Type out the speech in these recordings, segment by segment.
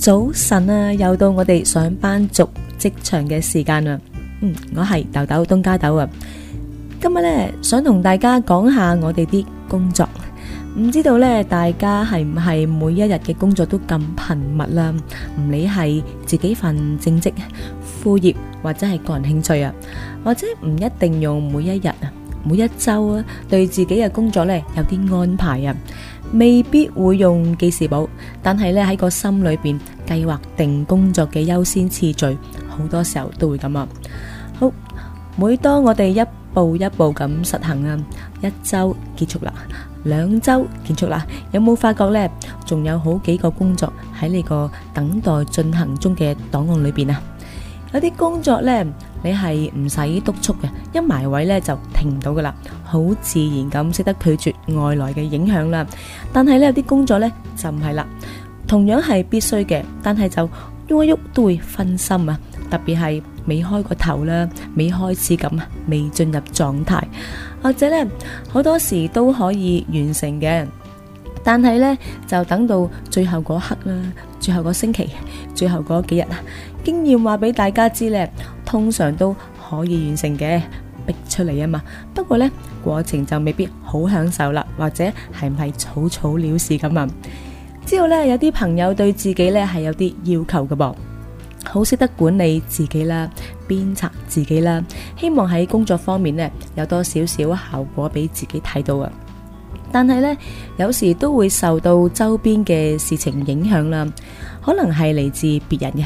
早晨啊，又到我哋上班族職場嘅時間啦。嗯，我係豆豆東加豆啊。今日咧想同大家講下我哋啲工作。唔知道咧，大家係唔係每一日嘅工作都咁頻密啦？唔理係自己份正職、副業或者係個人興趣啊，或者唔一定要每一日啊、每一周啊，對自己嘅工作咧有啲安排啊。未必會用記事簿，但係呢喺個心裏邊計劃定工作嘅優先次序，好多時候都會咁啊。好，每當我哋一步一步咁實行啊，一周結束啦，兩周結束啦，有冇發覺呢？仲有好幾個工作喺呢個等待進行中嘅檔案裏邊啊，有啲工作呢。你係唔使督促嘅，一埋位呢就停唔到噶啦，好自然咁識得拒絕外來嘅影響啦。但係呢，有啲工作呢就唔係啦，同樣係必須嘅，但係就喐一喐都會分心啊！特別係未開個頭啦，未開始咁，未進入狀態，或者呢好多時都可以完成嘅，但係呢就等到最後嗰刻啦，最後個星期。最後嗰幾日啊，經驗話俾大家知呢，通常都可以完成嘅，逼出嚟啊嘛。不過呢，過程就未必好享受啦，或者係唔係草草了事咁啊？知道呢，有啲朋友對自己呢係有啲要求嘅噃，好識得管理自己啦，鞭策自己啦，希望喺工作方面呢有多少少效果俾自己睇到啊。但係呢，有時都會受到周邊嘅事情影響啦。可能係嚟自別人嘅，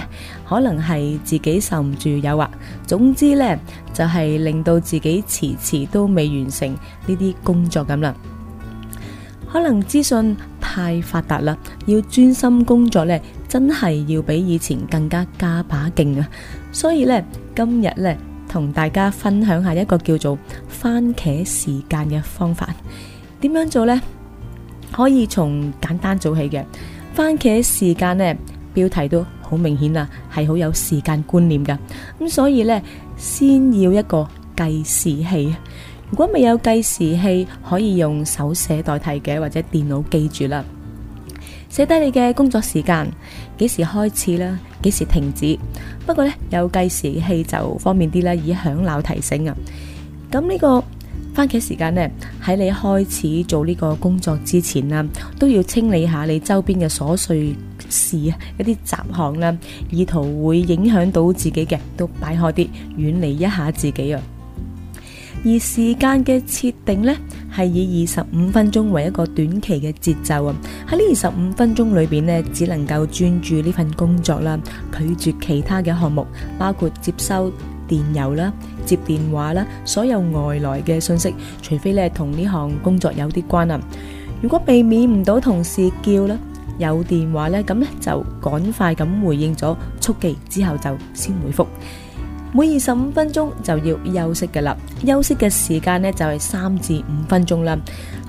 可能係自己受唔住誘惑。總之呢，就係令到自己遲遲都未完成呢啲工作咁啦。可能資訊太發達啦，要專心工作呢，真係要比以前更加加把勁啊！所以呢，今日呢，同大家分享一個叫做番茄時間嘅方法，點樣做呢？可以從簡單做起嘅。番茄時間呢，標題都好明顯啦，係好有時間觀念噶。咁所以呢，先要一個計時器。如果未有計時器，可以用手寫代替嘅，或者電腦記住啦，寫低你嘅工作時間，幾時開始啦，幾時停止。不過呢，有計時器就方便啲啦，以響鬧提醒啊。咁呢個。番茄時間呢，喺你開始做呢個工作之前啦，都要清理下你周邊嘅瑣碎事，一啲雜項啦，意圖會影響到自己嘅，都擺開啲，遠離一下自己啊。而時間嘅設定呢，係以二十五分鐘為一個短期嘅節奏啊。喺呢二十五分鐘裏邊呢，只能夠專注呢份工作啦，拒絕其他嘅項目，包括接收。電郵啦，接電話啦，所有外來嘅信息，除非你係同呢項工作有啲關啊。如果避免唔到同事叫啦，有電話咧，咁咧就趕快咁回應咗速記之後就先回覆每二十五分鐘就要休息㗎啦，休息嘅時間咧就係三至五分鐘啦。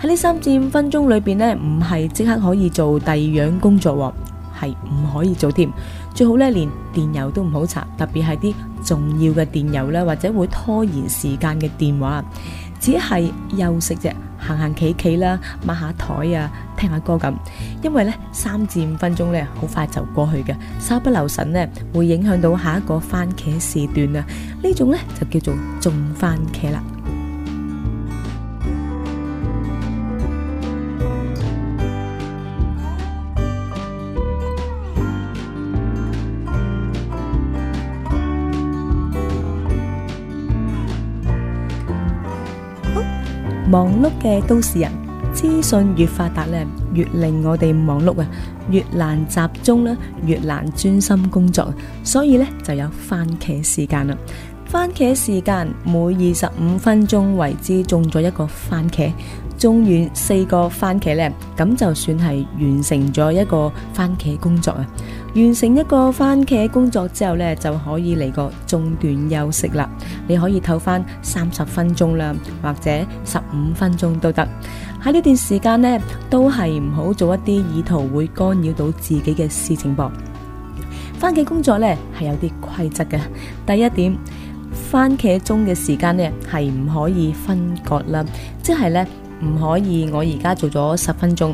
喺呢三至五分鐘裏邊咧，唔係即刻可以做第二樣工作，係唔可以做添。最好咧，連電郵都唔好查，特別係啲重要嘅電郵或者會拖延時間嘅電話，只係休息啫，行行企企，抹下台啊，聽下歌咁。因為咧，三至五分鐘咧，好快就過去嘅，稍不留神咧，會影響到下一個番茄時段啊！這種呢種咧就叫做種番茄啦。忙碌嘅都市人，資訊越發達咧，越令我哋忙碌啊，越難集中咧，越難專心工作。所以咧，就有番茄時間啦。番茄時間每二十五分鐘為之種咗一個番茄，種完四個番茄咧，咁就算係完成咗一個番茄工作啊。完成一個番茄工作之後呢，就可以嚟個中段休息啦。你可以唞返三十分鐘啦，或者十五分鐘都得。喺呢段時間呢，都係唔好做一啲意圖會干擾到自己嘅事情噃。番茄工作呢係有啲規則嘅。第一點，番茄鐘嘅時間呢係唔可以分割啦，即係呢唔可以我而家做咗十分鐘。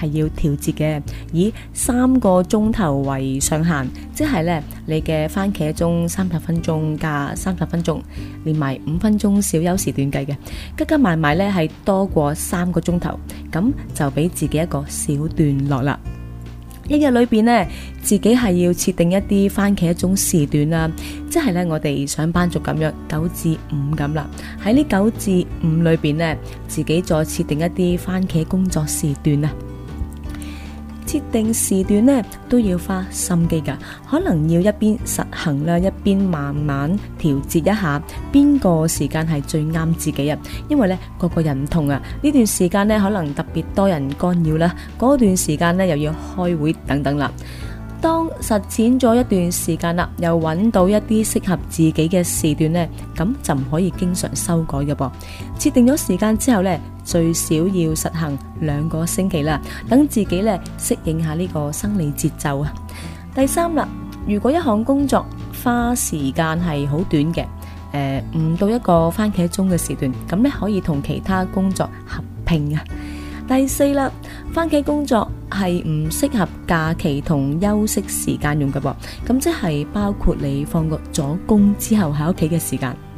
係要調節嘅，以三個鐘頭為上限，即係呢，你嘅番茄鐘三十分鐘加三十分鐘，連埋五分鐘小休時段計嘅，加加埋埋呢係多過三個鐘頭，咁就俾自己一個小段落啦。一日裏邊呢，自己係要設定一啲番茄鐘時段啦，即係呢，我哋上班族咁樣九至五咁啦。喺呢九至五裏邊呢，自己再設定一啲番茄工作時段啦。設定時段呢都要花心機㗎，可能要一邊實行啦，一邊慢慢調節一下，邊個時間係最啱自己啊，因為呢個個人唔同啊，呢段時間呢，可能特別多人干擾啦，嗰段時間呢，又要開會等等啦。當實踐咗一段時間啦，又揾到一啲適合自己嘅時段呢，咁就唔可以經常修改嘅噃。設定咗時間之後呢，最少要實行兩個星期啦，等自己呢適應下呢個生理節奏啊。第三啦，如果一項工作花時間係好短嘅，誒，唔到一個番茄鐘嘅時段，咁呢可以同其他工作合併啊。第四啦，番茄工作。係唔適合假期同休息時間用嘅噃，咁即係包括你放咗工之後喺屋企嘅時間。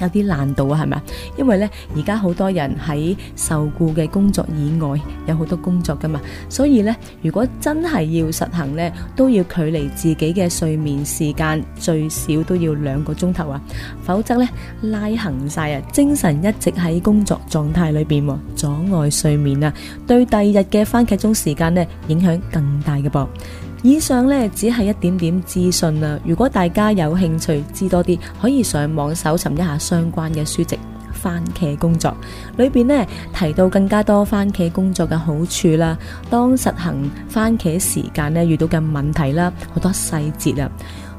有啲難度啊，係咪？因為咧，而家好多人喺受僱嘅工作以外有好多工作噶嘛，所以咧，如果真係要實行咧，都要距離自己嘅睡眠時間最少都要兩個鐘頭啊，否則咧拉行曬啊，精神一直喺工作狀態裏邊，阻礙睡眠啊，對第二日嘅番茄鐘時間咧影響更大嘅噃。以上呢，只係一點點資訊啦。如果大家有興趣知多啲，可以上網搜尋一下相關嘅書籍《番茄工作》裏邊呢，提到更加多番茄工作嘅好處啦。當實行番茄時間呢，遇到嘅問題啦，好多細節啊。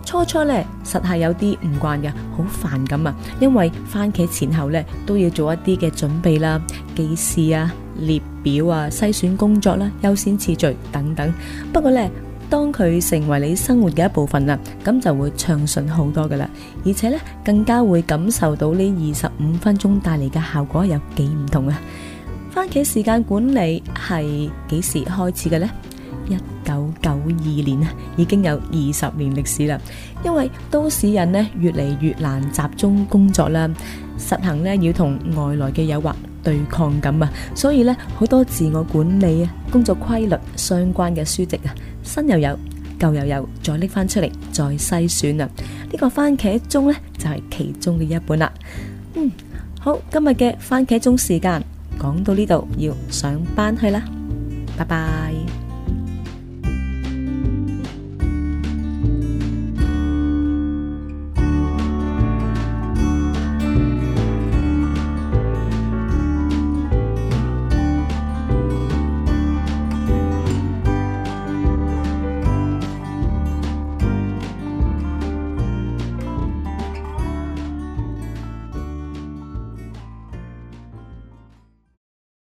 初初呢，實係有啲唔慣嘅，好煩咁啊。因為番茄前後呢，都要做一啲嘅準備啦、記事啊、列表啊、篩選工作啦、優先次序等等。不過呢。當佢成為你生活嘅一部分啦，咁就會暢順好多噶啦，而且呢，更加會感受到呢二十五分鐘帶嚟嘅效果有幾唔同啊！番茄時間管理係幾時開始嘅呢？一九九二年啊，已經有二十年歷史啦。因為都市人呢越嚟越難集中工作啦，實行呢，要同外來嘅誘惑。對抗感啊，所以咧好多自我管理啊、工作規律相關嘅書籍啊，新又有，舊又有，再拎返出嚟再篩選啊。呢個番茄鐘咧就係其中嘅一本啦。嗯，好，今日嘅番茄鐘時間講到呢度，要上班去啦，拜拜。